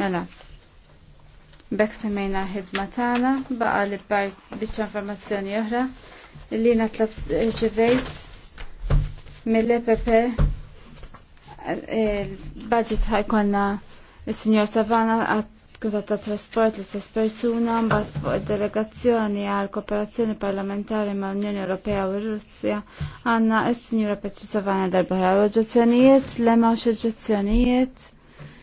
Mela, bekk semmejna ħidma tagħna baqa li bajt biċċa informazzjoni oħra li jiena ġivejt mill-EPP il-budget ħajkonna il-Sinjor Savana għat Kuta ta' trasport li stess persuna mbagħad fuq id-delegazzjoni għal kooperazzjoni parlamentari mal unjoni Ewropea u Russja għandna s-Sinjura Petru Savana darba oġġezzjonijiet, lema u oġġezzjonijiet.